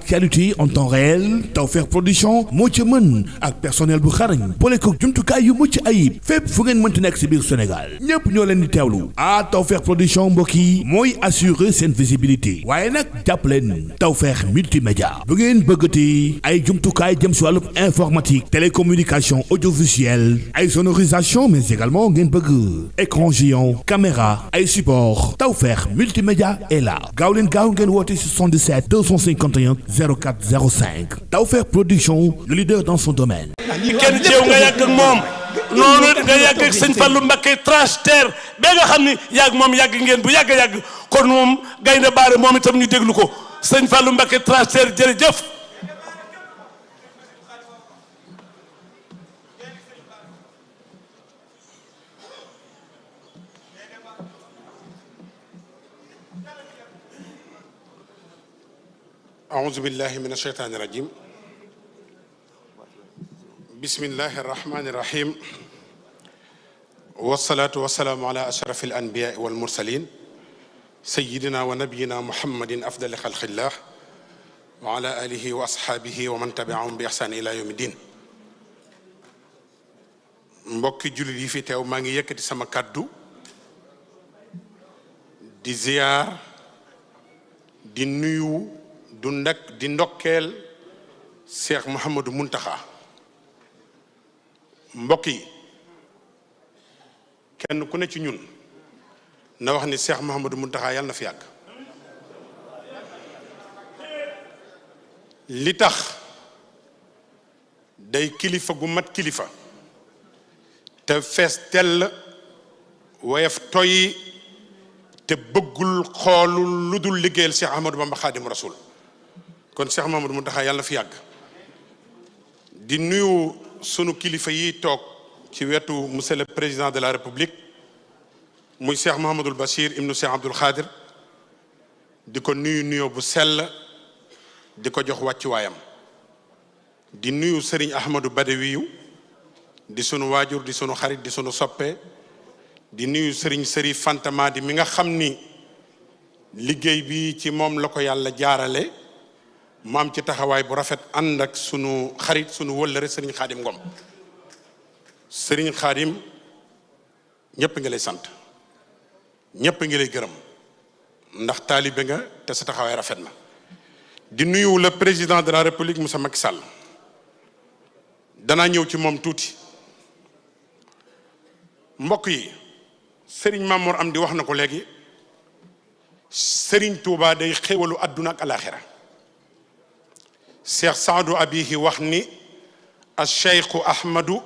actualité en temps réel Tawfekh production moo ci mën ak personnel bu xarañ boole jumtukaay yu ci ayib fépp fu ngeen mënti nekk si biir Sénégal ñépp ñoo leen di teewlu ah Tawfekh production mbokk yi mooy assurer seen visibilité waaye nag jàpp leen Tawfekh multimédia bu ngeen bëggati ay jumtukaay jëm si wàllu informatique télécommunication audiovisuelle ay sonorisation mais également ngeen bëgg écran géant caméra ay support Tawfekh multimédia est là gaaw leen gaaw ngeen woote 77 251 04 05 Tawfekh Production le leader dans son domaine kenn ceew nga yàgg ak moom noonu nga yàgg ak sëñ Fallou Mbacké transfert ba nga xam ni yàgg moom yàgg ngeen bu yàgg a yàgg kon moom gaynde baare moom itam ñu déglu ko sëñ Fallou Mbacké transfert jërëjëf أعوذ بالله من الشيطان الرجيم بسم الله الرحمن الرحيم والصلاة والسلام على أشرف الأنبياء والمرسلين سيدنا ونبينا محمد أفضل خلق الله وعلى آله وأصحابه ومن تبعهم بإحسان إلى يوم الدين mbokki jullit yi fi teew maa ngi yëkkati sama kàddu di ziyaar di nuyu du ndak di ndokkeel Cheikh Mouhamadou Mountakha mbokk yi kenn ku ne ci ñun na wax ni Cheikh Mouhamadou Mountakha yàlla na fi yàgg li tax day kilifa gu mat kilifa te fees tell woyof toyyi te bëggul xoolul lu dul liggéeyal Cheikh Ahmadou Bamba Xaadimu Rasuul kon seex Cheikh mu Mountakha yàlla fi yàgg di nuyu sunu kilifa yi toog ci wetu monsieur le président de la république muy Cheikh Mahamadul Bachir ibnu Cheikh Abdoul Khadir di ko nuyu nuyo bu sell di ko jox wàccuwaayam di nuyu Serigne Ahmadou Badawiyu di sunu waajur di sunu xarit di sunu soppe di nuyu Serigne sëri Fantama di mi nga xam ni liggéey bi ci moom la ko yàlla jaarale maam ci taxawaay bu rafet ànd ak sunu xarit sunu wëllëre sëriñ xaadim ngom sëriñ xaadim ñëpp ngi lay sant ñëpp ngi lay gërëm ndax taalibe nga te sa taxawaay rafet na di nuyu le président de la république sa Macky Sall danaa ñëw ci moom tuuti mbokk yi sëriñ Mamour am di wax na ko léegi sëriñ Touba day xéwalu àdduna ak alaaxira cheikh saadu abihi wax ni alcheikhu ahmadu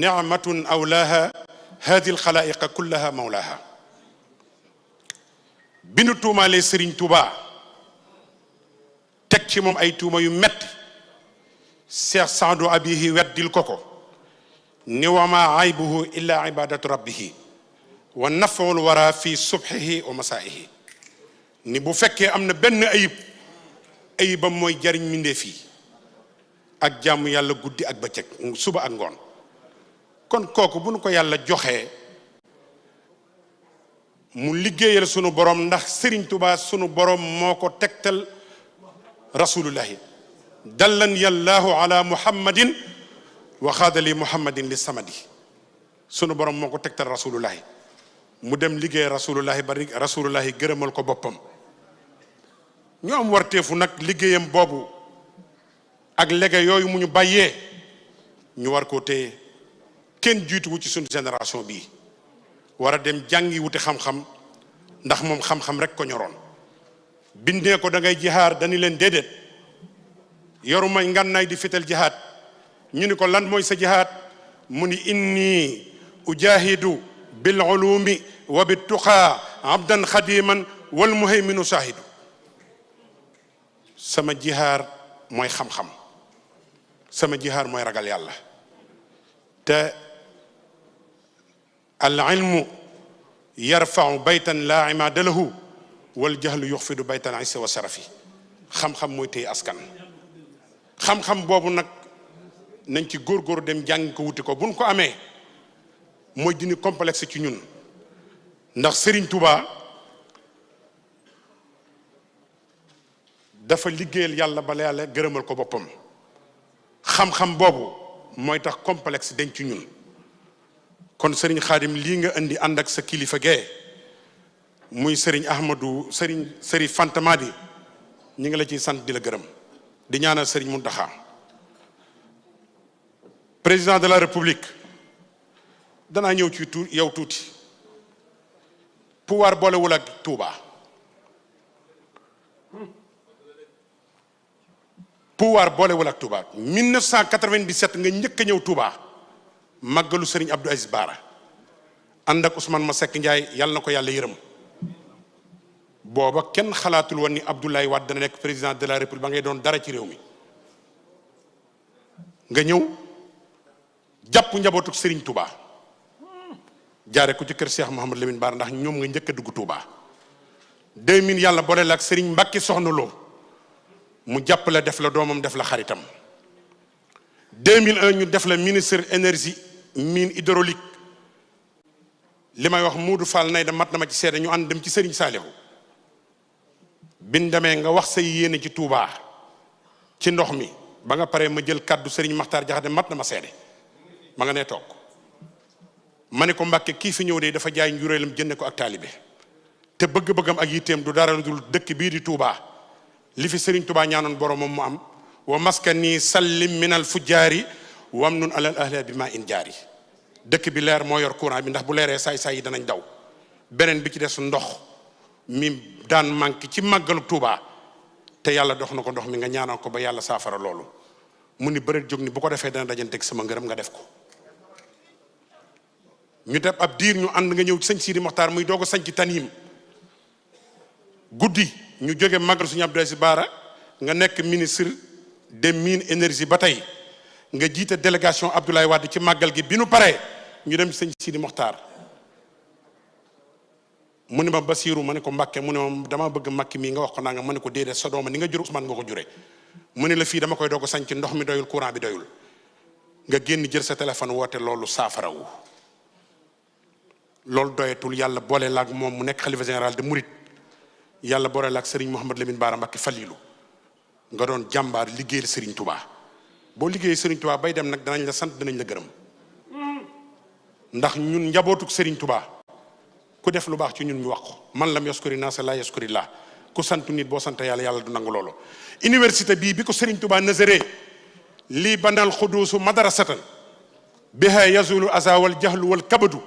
nicmatun awlaaha hadi alxalaayiqa kullaha mawlaaha bi nu tuumaalee sëriñ tuuba teg ci moom ay tuuma yu metti cheikh saadu abihi weddil ko ko ni wa maa aybuhu illa ibadatu rabbihi wa nafaul wara fi subhihi wa masaa'ihi ni bu fekkee am na benn ayib ayibam mooy jariñ mbindeef fii ak jàmm yàlla guddi ak bëccëg suba ak ngoon kon kooku bu nu ko yàlla joxee mu liggéeyal sunu borom ndax Serigne Touba sunu borom moo ko tegtal rasulullahi dallan yallaahu ala muhammadin wa xaadali muhammadin li samadi sunu borom moo ko tegtal rasulullahi mu dem liggéey rasulullahi ba rasulullahi gërëmal ko boppam ñu am warteefu nag liggéeyam boobu ak lége yooyu mu ñu bàyyee ñu war koo téye kenn jiituwu ci suñ génération bi war a dem jàngi wuti xam-xam ndax moom xam-xam rek ko ñoroon bindee ko da ngay jihaar dañu leen déedéet yoruma ngànnaay di fital jihaad ñu ni ko lan mooy sa jihaad mu ni inni ujahidu bil ulumi wa bit tuqaa abdan xadiman wal muhayminu saahidu sama jihaar mooy xam-xam sama jihaar mooy ragal yàlla te al ilmu yarfau baytan laa imaada lahu wal jahlu yuxfidu baytan isa wa sarafi xam-xam mooy téye askan xam-xam boobu nag nañ ci góor góor dem jàngi ko wuti ko buñ ko amee mooy dini complexe ci ñun ndax Serigne Touba dafa liggéeyal yàlla bala yàlla gërëmal ko boppam xam-xam boobu mooy tax complexe denc ñun kon sëriñ xaadim lii nga indi ànd ak sa kilifa gee muy sëriñ ahmadou sëriñ sëriñ fantamadi ñu ngi la ciy sant di la gërëm di ñaanal sëriñ muntaxa président de la république danaa ñëw ci yow tuuti pouvoir boolewul ak Touba. pouvoir boolewul ak Touba 1997 nga njëkk a ñëw Touba màggalu sëriñ Abdou Aziz Baara ànd ak ma Masseck Ndiaye yàlla na ko yàlla yërëm booba kenn xalaatul woon ni Abdoulaye Wade dana nekk président de la république ba ngay doon dara ci réew mi nga ñëw jàpp njabootuk Serigne Touba jaare ko ci kër Cheikh Mouhamadou Lamine Bara ndax ñoom nga njëkk a dugg Touba 2000 yàlla boole la ak sëriñ Mbacke Soxna loo mu jàpp la def la doomam def la xaritam 2001 ñu def la ministre energie mine hydraulique li may wax Moodu Fall nay da mat na ma ci seede ñu ànd dem ci Serigne Saalihu bi demee nga wax say yéene ci tuubaa ci ndox mi ba nga paree ma jël kàddu sëriñ Maxtaar Jaxate mat na ma seede ma nga ne toog ma ne ko Mbàkke kii fi ñëw de dafa jaay njuréelam jënd ko ak taalibe te bëgg-bëggam ak yitteem du dara dul dëkk bii di tuubaa li fi Serigne Touba ñaanoon boromam mu am wa maskani sallim minal fujjaari wam nun alal ahla bi ma in jaari dëkk bi leer moo yor courant bi ndax bu leeree saay-saay yi danañ daw beneen bi ci des ndox mi daan manqué ci màggalu tuuba te yàlla dox na ko ndox mi nga ñaanal ko ba yàlla saafara loolu mu ni bëreet jóg ni bu ko defee dana dajanteeg sama ngërëm nga def ko ñu def ab diir ñu ànd nga ñëw sëñ Sidi Moxtaar muy doog a sañ ci Tanime guddi ñu jóge magal suñu Abdoulaye si Bara nga nekk ministre des mines énergie ba tey nga jiite délégation Abdoulaye Wade ci màggal gi bi nu paree ñu dem sëñ Sidi Moxtaar mu ne ma Basiiru ma ne ko Mbàkke mu ne ma dama bëgg Mbàkke mii nga wax ko naa nga ma ne ko déedéet sa dooma ni nga jur Ousmane nga ko jure mu ne la fii dama koy doog a sañ ci ndox mi doyul courant bi doyul nga génn jël sa téléphone woote loolu saafarawu loolu doyatul yàlla boole laag moom mu nekk xalifa général de Mouride. yàlla boole ak Serigne Mouhamed Lamine Bara Mbacké Falilou nga doon jàmbaar liggéeyal Serigne tubaa boo liggéeyee Serigne tubaa bay dem nag danañ la sant danañ la gërëm ndax ñun njabootuk Serigne Touba ku def lu baax ci ñun wax ko man lam yaskuri naasa laa yaskuri laa ku sant nit boo sant yàlla yàlla du nangu loolu. université bii bi ko Serigne Touba nazaree lii banal xuduusu madarasatan biha yazulu azawal jahlu wal kabadu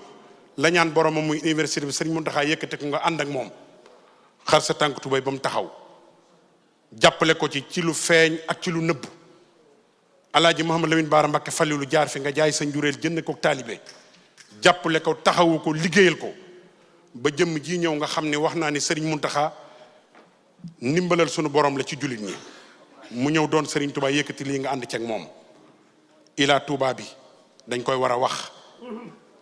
la ñaan boromam muy université bi Serigne Mountakha yëkkate ko nga ànd ak moom. xar sa tànk tubéy ba mu taxaw jàppale ko ci ci lu feeñ ak ci lu nëbb alaaji Mouhamed Lamine Baara Mbakke Falilu jaar fi nga jaay sa njureel jënd ko taalibe jàppale ko taxawu ko liggéeyal ko ba jëmm ji ñëw nga xam ne wax naa ne mun taxa ndimbalal sunu borom la ci jullit ñi mu ñëw doon sëriñ Touba yëkkati lii nga ànd ceeg moom ilaa Touba bi dañ koy war a wax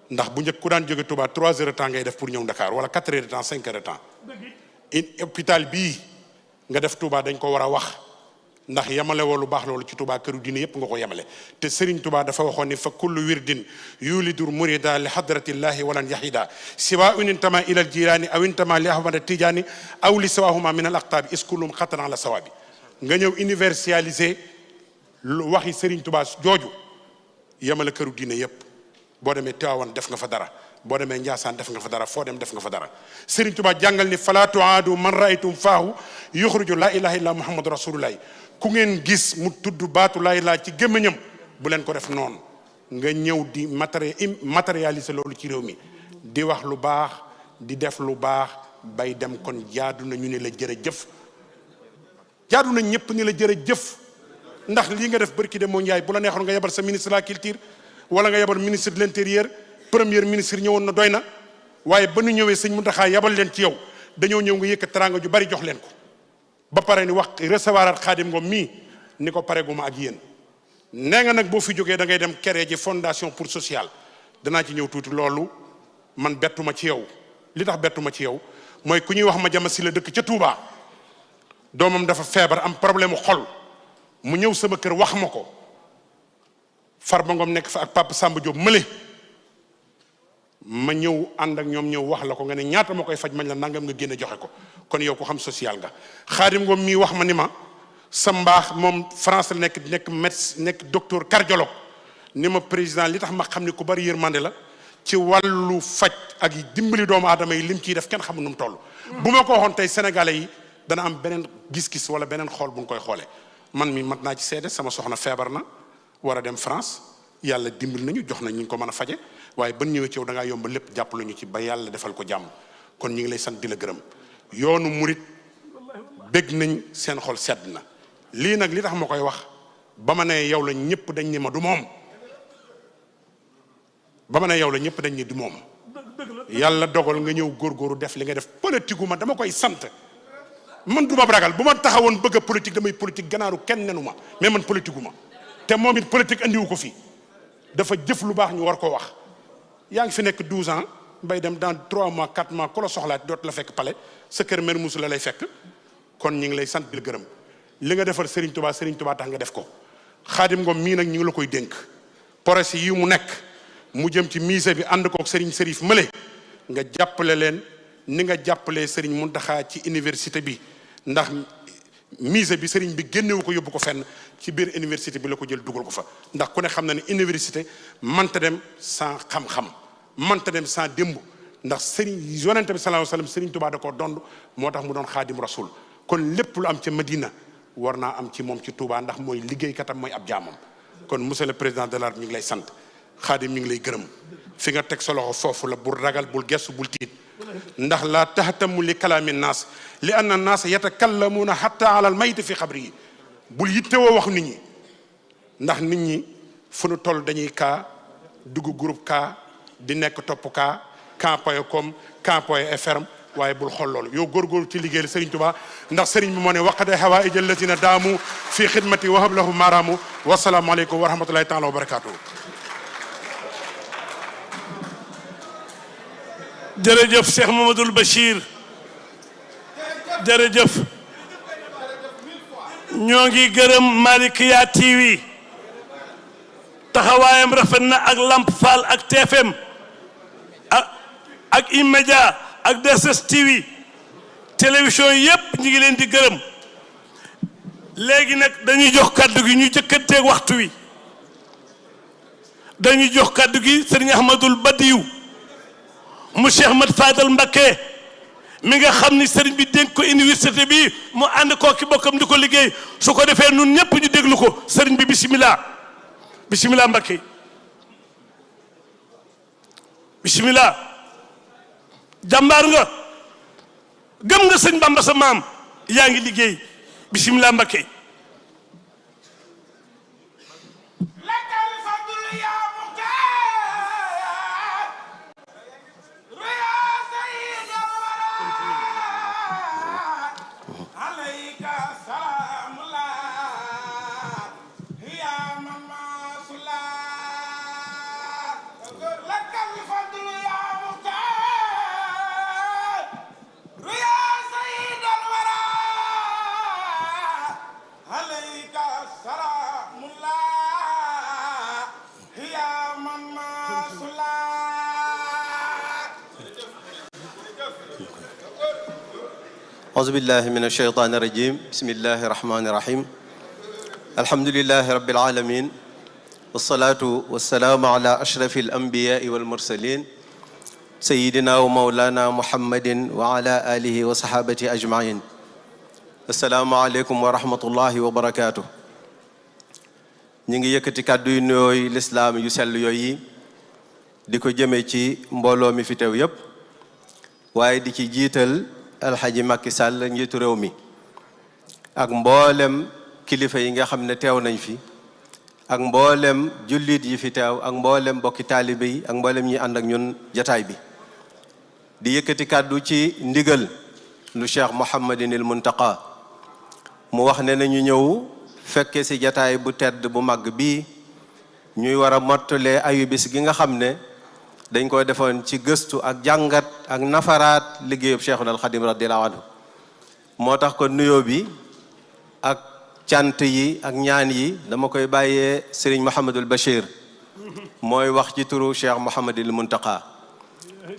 ndax bu njëkk ku daan jóge Touba trois heures de temps ngay def pour ñëw ndakaar wala quatre heures de hôpital bii nga def Touba dañ ko war a wax ndax yamale woo lu baax loolu ci Touba këru diine yëpp nga ko yamale te Serigne Touba dafa waxoon ni fa kullu wirdin yulidur murida li hadratillahi walan yahida siwa un intama ila al jirani aw intama li ahmada tijani aw li sawahuma min al aqtabi iskulum xatan ala sawabi nga ñëw universaliser lu waxi Serigne Touba jooju yamale këru diine yëpp boo demee Tiwaawan def nga fa dara boo demee Njaasaan def nga fa dara foo dem def nga fa dara Sëriñ Tuubaa jàngal ni fala tuaadu man raaytum faahu yuxruju laa ilaha illa muhammadu rasulullahi ku ngeen gis mu tudd baatu laa ilaha ci gémmiñam bu leen ko def noonu nga ñëw di matéri matérialiser loolu ci réew mi di wax lu baax di def lu baax bay dem kon jaadu na ñu ne la jëf jaadu na ñëpp ni la jëf ndax lii nga def barki de moo njaay bu la neexoon nga yebal la culture wala nga yabal ministre de l'intérieur premier ministre ñëwoon na doy na waaye ba nu ñëwee sëñ Muntaxa yabal leen ci yow dañoo ñëw nga yëkkat teraanga ju bari jox leen ko ba pare ni wax recevoir at Xaadim Ngom mii ni ko pare gu ma ak yéen nee nga nag boo fi jógee da ngay dem créer ji fondation pour sociale danaa ci ñëw tuuti loolu man bettuma ci yow li tax bettuma ci yow mooy ku ñuy wax ma jama si la dëkk ca Touba doomam dafa feebar am problème mu xol mu ñëw sama kër wax ma ko ba ngoom nekk fa ak Papa Samba Diop mële ma ñëw ànd ak ñoom ñëw wax la ko nga ne ñaata ma koy faj mañ la nangam nga génne joxe ko kon yow ko xam social nga Xaadim Ngom mii wax ma ni ma sa mbaax moom France la nekk nekk médecin nekk docteur cardiologue ni ma président li tax ma xam ni ku bari yërmande la ci wàllu faj ak dimbali doomu aadama yi lim ciy def kenn xamu nu mu toll. bu ma ko waxoon tey sénégalais yi dana am beneen gis-gis wala beneen xool bu nga koy xoolee man mi mat naa ci seede sama soxna feebar na. war a dem France yàlla dimbil nañu jox nañ ñu ko mën a faje waaye ban ñëwee ci yow da ngaa yombal lépp jàpp lañu ci ba yàlla defal ko jàmm kon ñu ngi lay sant di la gërëm yoonu murit bég nañ seen xol sedd na lii nag li tax ma koy wax ba ma ne yow lañ ñëpp dañ ni ma du moom ba ma ne yow la ñëpp dañ ni du moom yàlla dogal nga ñëw góor góoru def li nga def politique dama koy sant man du ma ragal bu ma taxawoon bëgg a politique damay politique ganaaru kenn nenu ma mais man politique ma te moom it politique indiwu ko fi dafa jëf lu baax ñu war ko wax yaa ngi fi nekk 12 ans mbay dem dans 3 mois 4 mois ku la soxlaat doot la fekk pale sa kër mère la lay fekk kon ñu ngi lay sant di gërëm li nga defal Serigne tubaa Serigne Touba tax nga def ko xaadim ngoom mii nag ñu ngi la koy dénk projet yi mu nekk mu jëm ci mise bi ànd kook Serigne Serif Mële nga jàppale leen ni nga jàppalee Serigne Mountakha ci université bi ndax mise bi sëriñ bi génnewu ko yóbbu ko fenn ci biir université bi la ko jël dugal ko fa ndax ku ne xam na ne université mënta dem san xam-xam mënta dem sans démb ndax sëriñ yonente bi sallallahu alayhi wasallam sëriñ Tuubaa da koo dond moo tax mu doon xaadim rasul kon lépp lu am ca Medina war naa am ci moom ci Touba ndax mooy liggéey liggéeykatam mooy ab jaamam kon monsieur le président de la ñu ngi lay sant xaadim ñu ngi lay gërëm fi nga teg solo loxo foofu la bul ragal bul gestu bul tiit ndax li anna naasa yatakallamuuna xatta ala al mayt fi xabri yi bul yittewoo wax nit ñi ndax nit ñi fu nu toll dañuy kaa dugg groupe kaa di nekk topp kaa camp point com camp point waaye bul xool loolu yow góorgóorlu ci liggéeyal Serigne Touba ndax Serigne bi moo ne waqada hawaïja allatina daamu fi xidmati wahab lahu maaraamu wasalaamualeykum wa rahmatullahi taala wa barakaatuhu jërëjëf Cheikh Mamadou jërëjëf ñoo ngi gërëm Malikia TV taxawaayam rafet na ak Lamp Fall ak TFM ak ak Imedia ak DSS TV télévision yépp ñu ngi leen di gërëm léegi nag dañuy jox kàddu gi ñu jëkkanteeg waxtu wi dañuy jox kàddu gi sëriñ Ahmadul Badiyu mu Cheikh Mat Mbakke mi nga xam ni sëriñ bi dénk ko université bi mu ànd koo ki bokkam di ko liggéey su ko defee nun ñëpp ñu déglu ko sëriñ bi bisimilah bisimilah Mbakke bisimilah jàmbaar nga gëm nga sëñ Bamba sa maam yaa ngi liggéey bisimilah Mbakke auzubillahi min alsheytaani irajim bismillahi irrahmani irrahim alhamdulilahi rabilalamin walsalaatu walsalaamu ala ashrafi alambiyaai walmursalin sayidina wa maulana muhammadin wa ala alihi wa sahabati ajmain assalaamu aleykum wa rahmatullahi wa barakatuh ñi ngi yëkkati kàddu yu nuyooy lislaam yu sell yooyu di ko jëmee ci mbooloo mi fi teew yépp waaye alxaji Macky Sall njiitu réew mi ak mboolem kilifa yi nga xam ne teew nañ fi ak mboolem jullit yi fi teew ak mboolem bokki taalibe yi ak mboolem ñi ànd ak ñun jataay bi di yëkkati kàddu ci ndigal lu cheikh Mouhamadinil Muntaqa mu wax ne nañu ñëw fekke si jataay bu tedd bu màgg bii ñuy war a mottalee ayubis gi nga xam ne dañ koy defoon ci gëstu ak jàngat ak nafaraat liggéeyub Cheikhul Khadim radiyallahu anhu moo tax ko nuyoo bi ak cant yi ak ñaan yi dama koy bàyyee Serigne Mouhamadul Bachir mooy wax ci turu Cheikh Mouhamadul Muntaqa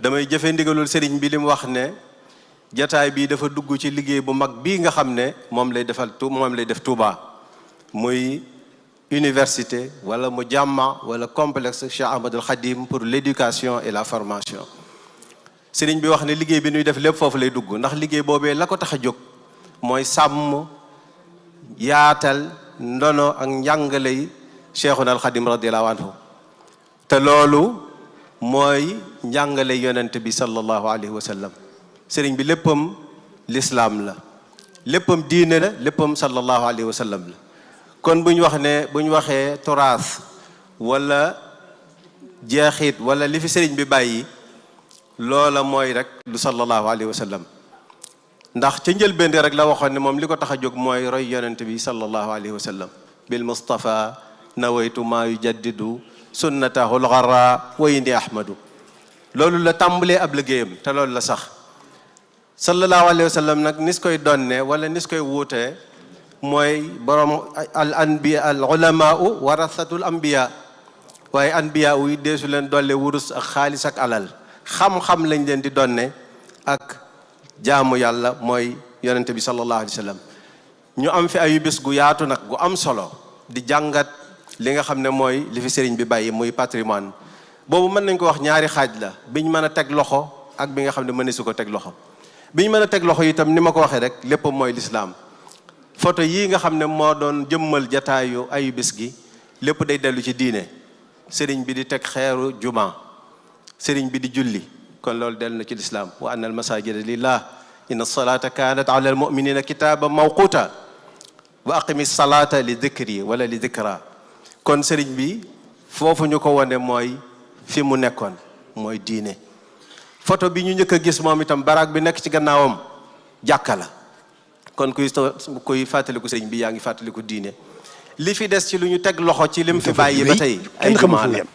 damay jëfe ndigalul Serigne bi li wax ne jataay bi dafa dugg ci liggéey bu mag bii nga xam ne moom lay defal tu moom lay def Touba muy université wala mu jàmma wala complexe Cheikh Ahmadul Khadim pour l'éducation et la formation sëriñ bi wax ne liggéey bi ñuy def lépp foofu lay dugg ndax liggéey boobee la ko tax a jóg mooy sàmm yaatal ndono ak njàngaley Cheikhuna al Khadim radiallahu anhu te loolu mooy njàngale yonent bi sallallahu alayhi wa sallam sëriñ bi léppam lislaam la léppam diine la léppam sallallahu alayhi wa sallam kon bu ñu wax ne bu ñu waxee turaas wala jeexit wala li fi sëriñ bi bàyyi loola mooy rek lu sallallahu alayhi wa sallam ndax ca njëlbéen rek la waxoon ni moom li ko tax a jóg mooy roy yonent bi sallallahu alayhi wa sallam bil mustafa nawaytu maa yujaddidu sunnatahu lgarra wa indi ahmadu loolu la tàmbalee ab liggéeyam te loolu la sax sallallahu alayhi wa sallam nag nis koy donne wala nis koy wuutee mooy borom al anbiya al ulamaa warasatul anbiya waaye anbiya yi deesu leen dolle wurus ak xaalis ak alal xam-xam lañ leen di donne ak jaamu yàlla mooy yonente bi sallallahu alayhi wa sallam ñu am fi ayu bés gu yaatu nag gu am solo di jàngat li nga xam ne mooy li fi sëriñ bi bàyyi muy patrimoine boobu mën nañ ko wax ñaari xaaj la bi ñu mën a teg loxo ak bi nga xam ne su ko teg loxo biñ mën a teg loxo itam ni ma ko waxee rek lépp mooy lislaam photo yii nga xam ne moo doon jëmmal jataayu ayu bis gi lépp day dellu ci diine sëriñ bi di teg xeeru juma sëriñ bi di julli kon loolu dellu na ci lislaam wa anna almasajida lillah inna salata kanat ala almuminina kitaba mawquta wa aqimi salata li yi walla li dikra kon sëriñ bi foofu ñu ko wane mooy fi mu nekkoon mooy diine photo bi ñu njëkk a gis moom itam baraag bi nekk ci gannaawam jàkka la kon kuy kuy fàttaliku sëriñ bi yaa ngi fàttaliku diine li fi des ci lu ñu teg loxo ci lim fi bàyyi ba tey ay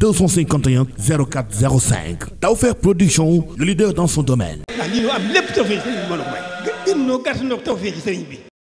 251 04 05 Tawfekh Production